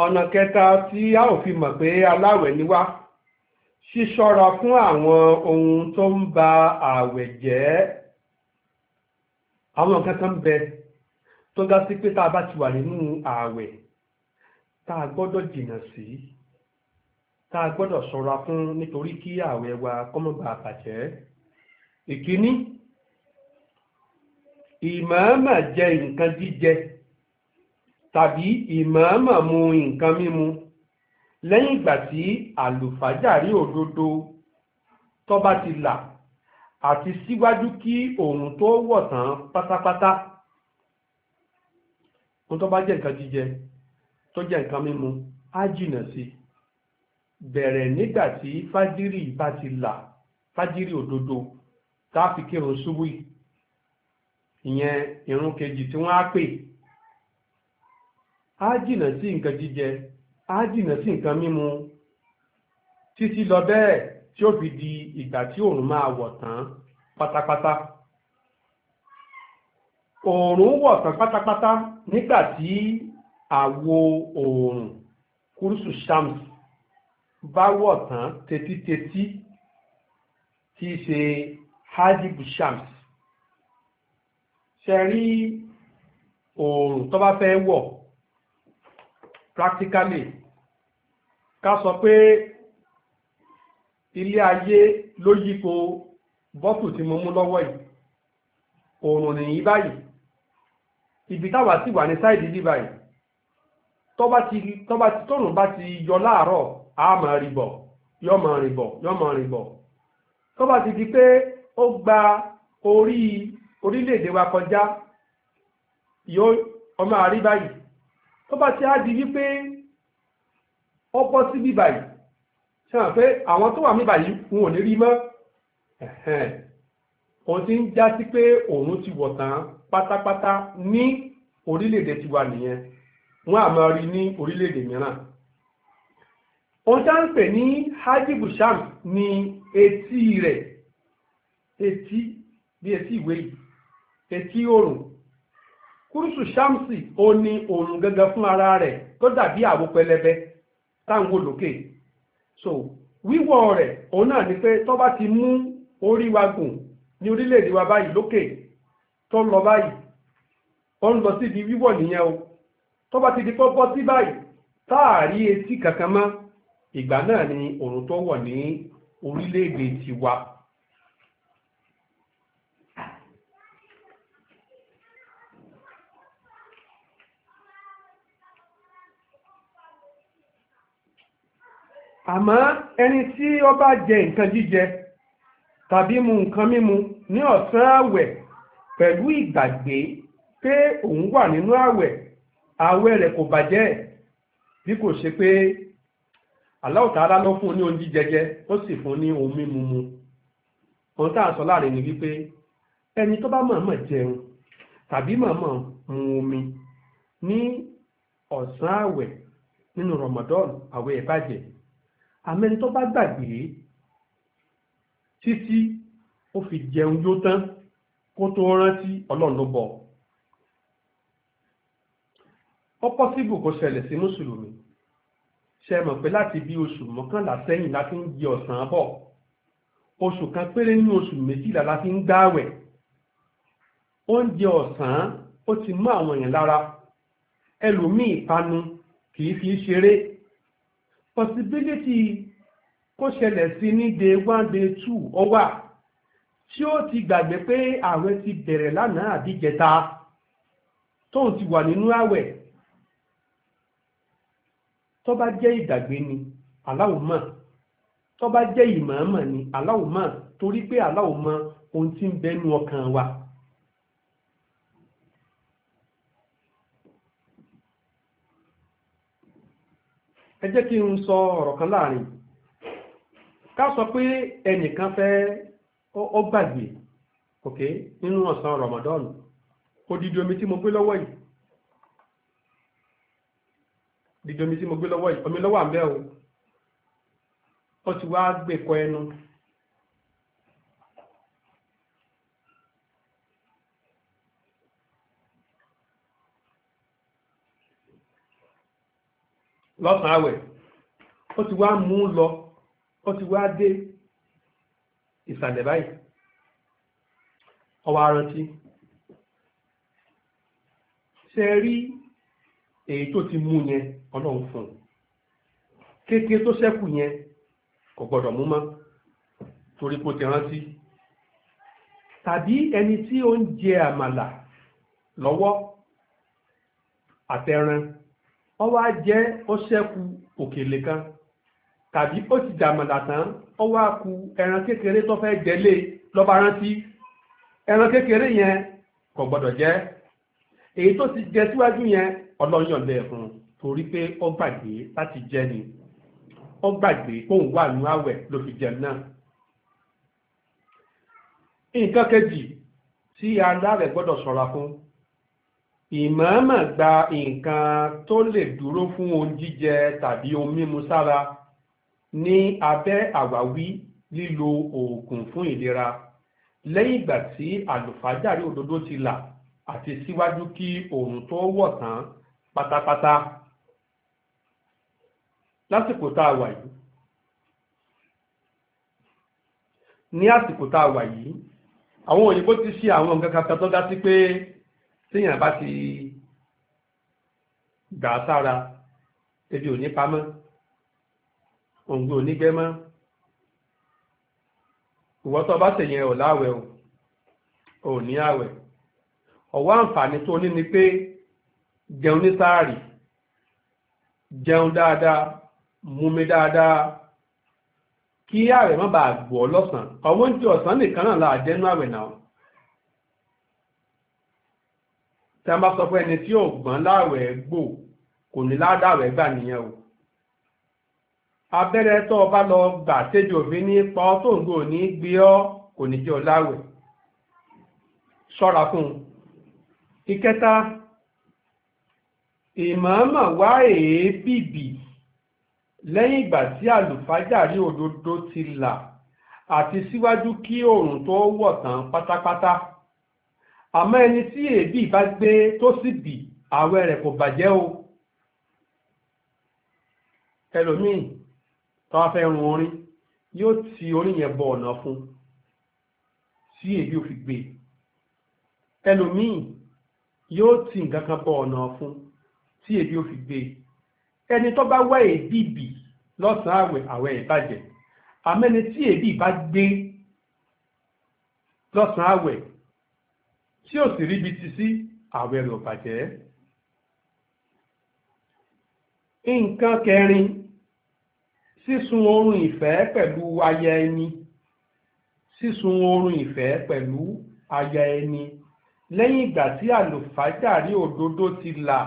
ọ̀nà kẹta tí a ò fi mọ̀ pé aláwẹ̀ ni wá ṣíṣọ́ra fún àwọn ohun tó ń ba ààwẹ̀ jẹ́ àwọn nǹkan kan bẹ tó ga sí pé tá a bá ti wà nínú ààwẹ̀ tá a gbọ́dọ̀ jìnnà sí tá a gbọ́dọ̀ ṣọ́ra fún nítorí kí ààwẹ̀ wa kọ́mọ̀ bá a bàjẹ́ ìkíní ìmọ̀ọ́mọ̀ jẹ nǹkan jíjẹ tàbí ìmọ̀ọ́mọ̀ mu nǹkan mímu lẹ́yìn ìgbà tí àlùfájàrí òdodo tó bá ti là àti síwájú kí òun tó wọ̀ tán pátápátá ohun tó bá jẹ́ nǹkan jíjẹ tó jẹ́ nǹkan mímu á jìnà sí bẹ̀rẹ̀ nígbà tí fájírì bá ti là fájírì òdodo tá a fi kírun ṣubú ìyẹn irun kejì tí wọ́n á pè á jìnà sí nǹkan jíjẹ á jìnà sí nǹkan mímu títí lọ bẹ́ẹ̀ tí ó fi di ìgbà tí oòrùn máa wọ̀ tán pátápátá oòrùn wọ̀ tán pátápátá nígbà tí àwo oòrùn kúrúsù shams bá wọ̀ tán tetítetí tí í ṣe hadibu shams ṣe rí oòrùn tó bá fẹ́ wọ̀ practically ká sọ pé ilé ayé ló yípo bọ́tù tí mo mú lọ́wọ́ yìí òòrùn nìyí báyìí ibi táwa sì wà ní sáìdì yìí báyìí tọ́ba ti tọ́ba ti tọ́rùn bá ti yọ láàárọ̀ á máa rìn bọ̀ yọ máa rìn ti di pé ó gba orí orílẹ̀-èdè wa kọjá yóò ọmọ àrí báyìí tó bá ti á di wípé ọ̀pọ̀ sí bíbà yìí ṣe hàn pé àwọn tó wà níbà yìí wọn ò ní rí mọ́ òun ti ń já sí pé òun ti wọ̀ tán pátápátá ní orílẹ̀-èdè tiwa nìyẹn wọ́n á máa rí ní orílẹ̀-èdè mìíràn ohun tí a ń pè ní hajibu sham ni etí rẹ̀ etí bí etí ìwé yìí etí òrùn kúrúsù ṣámsì ó ní òòrùn gangan fún ara re tó dàbí àwo pẹlẹbẹ táwọn olókè so wíwọ̀ rẹ̀ òun náà ni pé tó bá ti mú orí wa gùn ní orílẹ̀-èdè wa báyìí lókè tó ń lọ báyìí ó ń lọ síbi wíwọ̀ nìyẹn o tó bá ti di pọpọ sí báyìí táàrí etí kankan mọ́ ìgbà náà ni òòrùn tó wọ̀ ní orílẹ̀-èdè tiwa àmọ́ ẹni tí ó bá jẹ nǹkan jíjẹ tàbí mu nǹkan mímu ní ọ̀sán àwẹ̀ pẹ̀lú ìgbàgbé pé òun wà nínú àwẹ̀ àwẹ̀ rẹ̀ kò bàjẹ́ bí kò ṣe pé Allahu Ta'ala ló fún un ní ohun jíjẹ jẹ ó sì fún un ní ohun mímu mu ohun tá à ń sọ láàrin ni wípé ẹni tó bá mọ̀ọ́mọ̀ jẹun tàbí mọ̀ọ́mọ̀ mu omi ní ọ̀sán àwẹ̀ nínú Ramadan àwẹ̀ ìbàjẹ́ àmẹ́ni tó bá gbàgbé títí ó fi jẹun yó tán kó tó rántí ọlọ́run ló bọ̀ ó pọ́síbù kó ṣẹlẹ̀ sí mùsùlùmí ṣe mọ̀ pé láti bí oṣù mọ́kànlá sẹ́yìn la fi ń jẹ ọ̀sán bọ̀ oṣù kan péré nínú oṣù méjìlá la fi ń gbáwẹ̀ oúnjẹ ọ̀sán ó ti mú àwọn èèyàn lára ẹlòmíì ìpanu kì í fi ṣeré possibility kó ṣẹlẹ̀ sí ní day one day two ọwà tí ó ti gbàgbé pé ààwẹ̀ ti bẹ̀rẹ̀ lánàá àdíjẹta tóun ti wà nínú ààwẹ̀ tó bá jẹ́ ìgbàgbé ni Allahu mọ̀ tó bá jẹ́ ìmọ̀ọ́mọ̀ ni Allahu mọ̀ torí pé Allahu mọ̀ ohun tí ń bẹnu ọkàn wa. ẹ jẹ́ kí n sọ ọ̀rọ̀ kan láàrin ká sọ pé ẹnìkan fẹ́ ó gbàgbé ok nínú ọ̀sán Ramadan odidi omi tí mo gbé lọ́wọ́ yìí odidi omi tí mo gbé lọ́wọ́ yìí omi lọ́wọ́ àbẹ́ o ó ti wá gbé ẹnu lọ́sàn-án àwẹ̀ ó ti wá mú lọ ó ti wá dé ìsàlẹ̀ báyìí ọwọ́ arántí ṣe rí èyí tó ti mú yẹn ọlọ́run fún un kéèké tó ṣẹ́kù yẹn kò gbọ́dọ̀ mú mọ́ torí kò ti rántí tàbí ẹni tí ó ń jẹ àmàlà lọ́wọ́ àtẹran ó wá jẹ́ ó ṣẹ́kù òkèlè kan tàbí ó ti dàmàlà tán ó wá ku ẹran kékeré tó fẹ́ jẹ́lé lọ́ba rántí ẹran kékeré yẹn kò gbọ́dọ̀ jẹ́ èyí tó ti jẹ síwájú yẹn ọlọ́yọ̀lẹ̀ fún torí pé ó gbàgbé láti jẹ ni ó gbàgbé kóun wà nú àwẹ̀ ló fi jẹun náà nǹkan kejì tí aláàrẹ̀ gbọ́dọ̀ ṣọ́ra fún ìmọ̀ọ́mọ̀ gba nǹkan tó lè dúró fún ohun jíjẹ tàbí ohun mímu sára ní abẹ́ àwáwí lílo oògùn fún ìlera lẹ́yìn ìgbà tí àlùfájàrí òdodo ti là àti síwájú kí oòrùn tó wọ̀ tán pátápátá lásìkò tá a wà yìí ní àsìkò tá a wà yìí àwọn òyìnbó ti ṣe àwọn nǹkan kan tó dá sí pé téèyàn bá ti gbà á sára ebi ò ní pamọ́ òǹgbẹ ò ní gbẹ mọ́ ìwọ tó bá tẹ̀yìn ọ̀ láwẹ̀ o ò ní àwẹ̀ ọ̀wọ́ àǹfààní tó ní ni pé jẹun ní sáàrì jẹun dáadáa múmi dáadáa kí ààrẹ má bàa gbọ́ lọ́sàn-án ọ̀wọ́n ti ọ̀sán nìkan náà là jẹ́nu àwẹ̀ náà tí wọ́n bá sọ pé ẹni tí ò gbọ́n láwẹ̀ gbò kò ní ládàwẹ̀ gbà nìyẹn o abẹ́rẹ́ tó o bá lọ gbà tẹ́jú òfin ní pa ọ́ tó ń gbò ní gbé ọ́ kò ní jẹ́ ọ láwẹ̀ ṣọ́ra fún un ìkẹta ìmọ̀ọ́mọ̀ wá èébìbì lẹ́yìn ìgbà tí àlùfájàrí òdodo ti là àti síwájú kí oòrùn tó wọ̀ tán pátápátá àmọ́ ẹni tí èébì bá gbé tó sì bì àwẹ̀ rẹ̀ kò bàjẹ́ o ẹlòmíì tó wá fẹ́ run orin yóò ti orin yẹn bọ ọ̀nà fún tí èébì ò fi gbé ẹlòmíì yóò ti nǹkan kan bọ ọ̀nà fún tí èébì ò fi gbé ẹni tó bá wá èébì bì lọ́sàn-án àwẹ̀ àwẹ̀ ìbàjẹ́ àmẹ́ni tí èébì bá gbé lọ́sàn-án àwẹ̀ tí ò sì ríbi ti sí àwẹ̀ rẹ̀ ò bàjẹ́ nǹkan kẹrin sísun oorun ìfẹ́ pẹ̀lú aya ẹni sísun oorun ìfẹ́ pẹ̀lú aya ẹni lẹ́yìn ìgbà tí àlùfájàrí òdodo ti là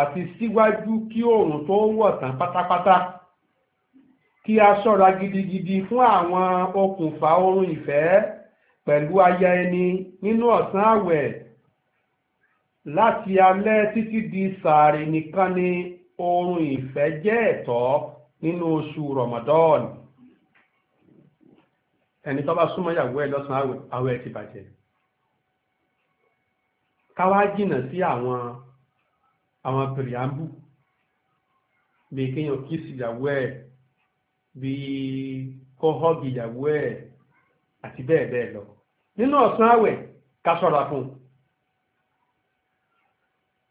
àti síwájú kí oòrùn tó wọ̀ tán pátápátá kí a ṣọ́ra gidigidi fún àwọn okùnfà oorun ìfẹ́ pẹ̀lú aya ẹni nínú ọ̀sán àwẹ̀ láti alẹ́ títí di sàárè nìkan ni oorun ìfẹ́ jẹ́ ẹ̀tọ́ nínú oṣù Ramadan ẹni tó bá súnmọ́ ìyàwó ẹ̀ lọ́sàn àwẹ̀ ti bàjẹ́ káwá jìnà sí àwọn àwọn pìrìyàmbù kéèyàn kí ìyàwó àti bẹ́ẹ̀ bẹ́ẹ̀ lọ nínú ọ̀sán àwẹ̀ ká ṣọ́ra fún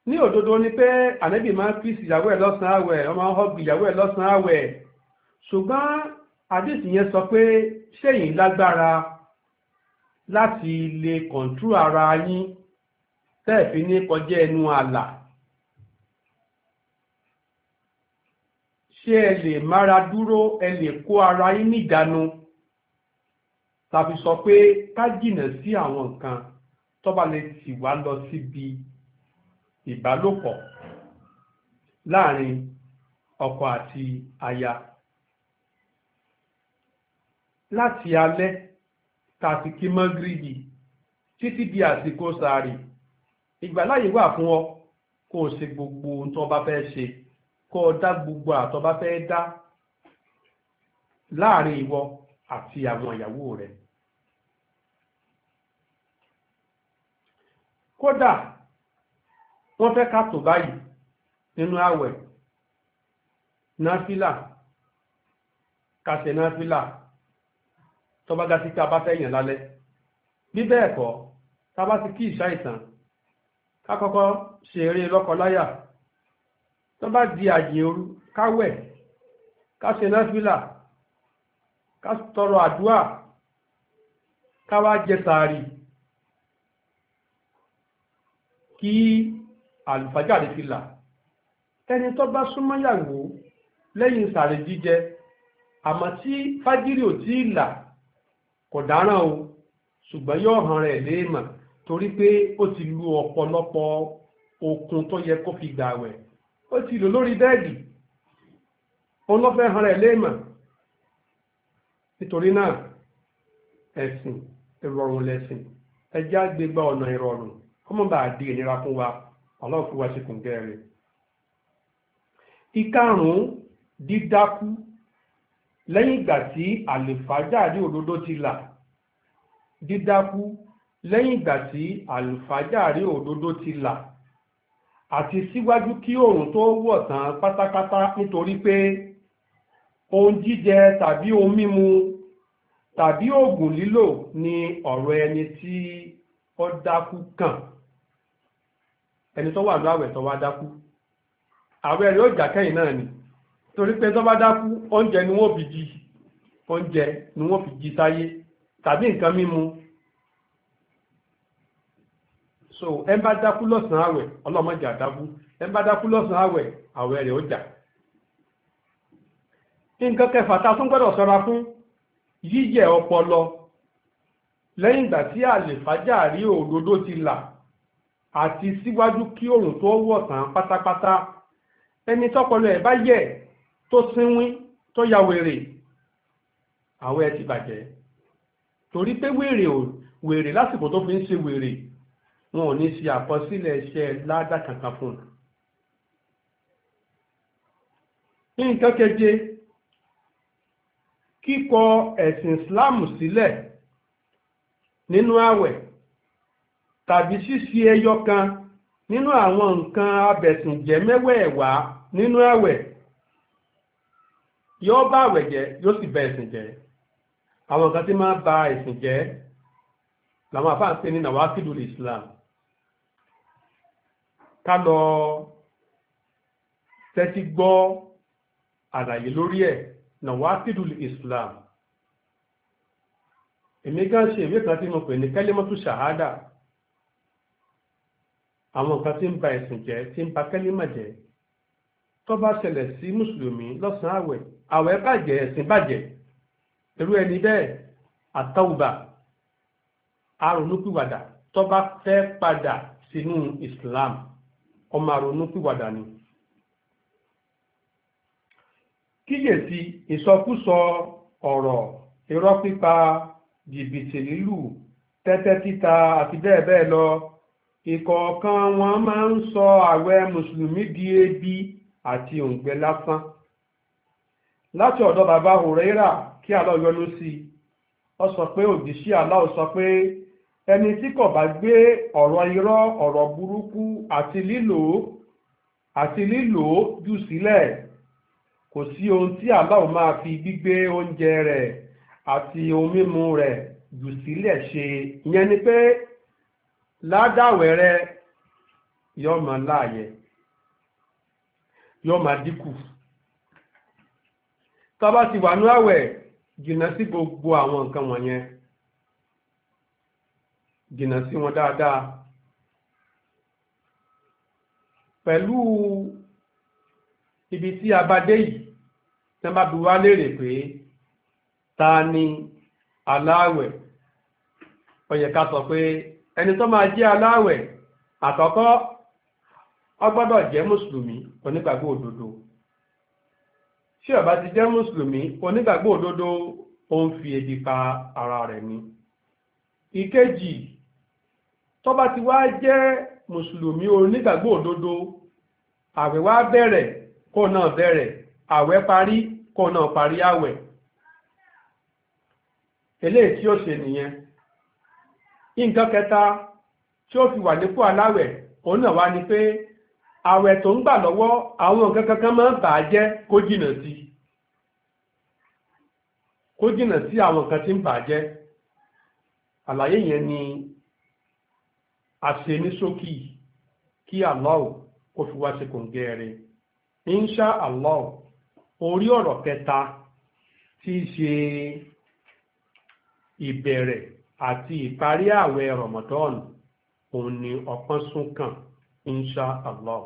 ní òdodo ni pé ànábì máa ń pìsì ìyàwó ẹ̀ lọ́sàn àwẹ̀ ọmọ ọ̀hún ìyàwó ẹ̀ lọ́sàn àwẹ̀ ṣùgbọ́n àdìsí yẹn sọ pé ṣéyìn lágbára láti lè kọ̀ǹtú ara yín tẹ́ẹ̀fì ní kọjá ẹnu àlà ṣé ẹ lè mára dúró ẹ lè kó ara yín níjánu tàbí sọ pé ká jìnà sí àwọn nǹkan tó bá lè tì wá lọ síbi ìbálòpọ̀ láàrin ọkọ àti aya láti alẹ́ tàbí kí mọ́gìrìbì títí di àsìkò sàárì ìgbàláyè wà fún ọ kó o ṣe gbogbo ohun tó bá fẹ́ ṣe kó o dá gbogbo àtọ́ bá fẹ́ dá láàrin ìwọ àti àwọn ìyàwó rẹ̀ kódà wọ́n fẹ́ ká tó báyìí nínú àwẹ̀ náfílà kàṣẹ̀ náfílà tọba ga sí pé a bá fẹ́ yàn lálẹ́ bí bẹ́ẹ̀ kọ́ tá bá ti kí ìṣá ìtàn ká kọ́kọ́ ṣe eré lọ́kọláyà tó bá di àjì òru ká wẹ̀ náfílà ká tọrọ àdúà ká wá jẹ sàárì kí àlùfájàre fi là ẹni tó bá súnmọ́ yàwó lẹ́yìn sàrè jíjẹ àmọ́ tí fájírì ò là kò dáràn o ṣùgbọ́n yóò hàn rẹ̀ léèmọ̀ torí pé ó ti lu ọ̀pọ̀lọpọ̀ okun tó yẹ kó fi gbààwẹ̀ ó ti lò lórí bẹ́ẹ̀dì òun ló fẹ́ hàn rẹ̀ léèmọ̀ nítorí náà ẹ̀sìn ìrọ̀rùn lẹ̀sìn ẹjẹ́ kó mọ̀ bá di ìnira fún wa ọlọ́run fún wa ṣe kùn gẹ́rẹ́. ìkarùn-ún dídákú lẹ́yìn ìgbà tí àlùfájàrí òdodo ti là dídákú lẹ́yìn ìgbà tí àlùfájàrí òdodo ti là àti síwájú kí oòrùn tó wọ̀ tán pátápátá nítorí pé ohun jíjẹ tàbí ohun mímu tàbí oògùn lílò ni ọ̀rọ̀ ẹni tí Ọ dákú kàn ẹni tó wà ní àwẹ̀ tó wá dákú àwẹ̀ rẹ̀ ó jà kẹ́yìn náà ni torí pé tó bá dákú oúnjẹ ni wọ́n fi ji. oúnjẹ ni wọ́n fi ji sáyé tàbí nǹkan mímu so ẹ bá dákú lọ́sàn-án àwẹ̀ ọlọ́mọdé àdákú ẹ bá dákú lọ́sàn-án àwẹ̀ àwẹ̀ rẹ̀ ó jà nǹkan kẹfà tá a tún gbọ́dọ̀ ṣọ́ra fún yíyẹ ọpọlọ lẹ́yìn ìgbà tí àlèfájàrí òdodo ti là àti síwájú kí òòrùn tó wọ̀ tán pátápátá ẹni tọ́pọlọ ẹ̀ bá yẹ̀ tó sínwín tó ya wèrè àwẹ̀ ẹ̀ ti bàjẹ́ torí pé wèrè ò wèrè lásìkò tó fi ń ṣe wèrè wọn ò ní ṣe àkọsílẹ̀ iṣẹ́ ládà kankan fún un. nǹkan keje kíkọ ẹ̀sìn Islam sílẹ̀ nínú àwẹ̀ tàbí ṣíṣe ẹyọ kan nínú àwọn nǹkan abẹ̀sìnjẹ́ mẹ́wẹ̀ẹ̀wá nínú àwẹ̀ yóò bá àwẹ̀ jẹ́ yóò sì bẹ ẹ̀sìn jẹ́ àwọn nǹkan tí máa ba ẹ̀sìn jẹ́ làwọn àfáà ń pè ní nàwákìlú Islam ká lọ tẹ́tí gbọ́ àlàyé lórí ẹ̀ nàwákìlú Islam èmi gán ṣe ìwé kan tí mo pè ní kẹ́límọ́tù ṣàhádà àwọn nǹkan tí ń ba ẹ̀sìn jẹ́ tí ń ba kẹ́límà jẹ́ tó bá ṣẹlẹ̀ sí mùsùlùmí lọ́sàn-án àwẹ̀ àwẹ̀ bàjẹ́ ẹ̀sìn irú ẹni bẹ́ẹ̀ àtọ́wùbà àrònúpìwàdà tó bá fẹ́ padà sínú Islam ọmọ àrònúpìwàdà ni kíyèsí ìsọkúsọ ọ̀rọ̀ irọ́ jìbìtì lílù tẹ́tẹ́ títa àti bẹ́ẹ̀ bẹ́ẹ̀ lọ ìkọ̀ọ̀kan wọn máa ń sọ ààwẹ̀ mùsùlùmí di ebi àti òǹgbẹ lásán láti ọ̀dọ̀ bàbá Hùrẹ́rà kí Allah yọ́nú sí i ó sọ pé òjìṣẹ́ Allah sọ pé ẹni tí kò bá gbé ọ̀rọ̀ irọ́ ọ̀rọ̀ burúkú àti lílò àti lílò jù sílẹ̀ kò sí ohun tí Allah máa fi gbígbé oúnjẹ rẹ̀ àti ohun mímu rẹ̀ jù sílẹ̀ ṣe ìyẹn ni pé ládàwẹ̀rẹ̀ yóò máa láàyè yóò máa dínkù tá bá ti wà ní àwẹ̀ jìnnà sí gbogbo àwọn nǹkan wọ̀nyẹn jìnnà sí wọn dáadáa pẹ̀lú ibi tí a bá dé yìí tí wọ́n bá bi wá léèrè pé ta ni aláwẹ̀ ó sọ pé ẹni tó máa jẹ́ aláwẹ̀ àkọ́kọ́ ó jẹ́ mùsùlùmí onígbàgbọ́ òdodo bá ti jẹ́ mùsùlùmí onígbàgbọ́ òdodo ó ń fi ebi ara rẹ̀ ni ìkejì tó bá ti wá jẹ́ mùsùlùmí onígbàgbọ́ òdodo àwẹ̀ wá bẹ̀rẹ̀ kó náà bẹ̀rẹ̀ àwẹ̀ parí kó náà eléyìí tí ó ṣe nìyẹn nǹkan kẹta tí ó fi wà nípò aláwẹ̀ òun náà wá ni pé àwẹ̀ tó ń gbà lọ́wọ́ àwọn nǹkan kankan máa ń bà á jẹ́ kó jìnà sí kó jìnà sí àwọn nǹkan tí ń bà á jẹ́ àlàyé yẹn ni àṣẹ ní ṣókí kí Allah kó fi wá ṣe kòǹgẹ́ rẹ̀ insha Allah orí ọ̀rọ̀ kẹta tí í ṣe ìbẹ̀rẹ̀ àti ìparí ààwẹ̀ Ramadan òun ni ọpọ́n sún kàn insha allah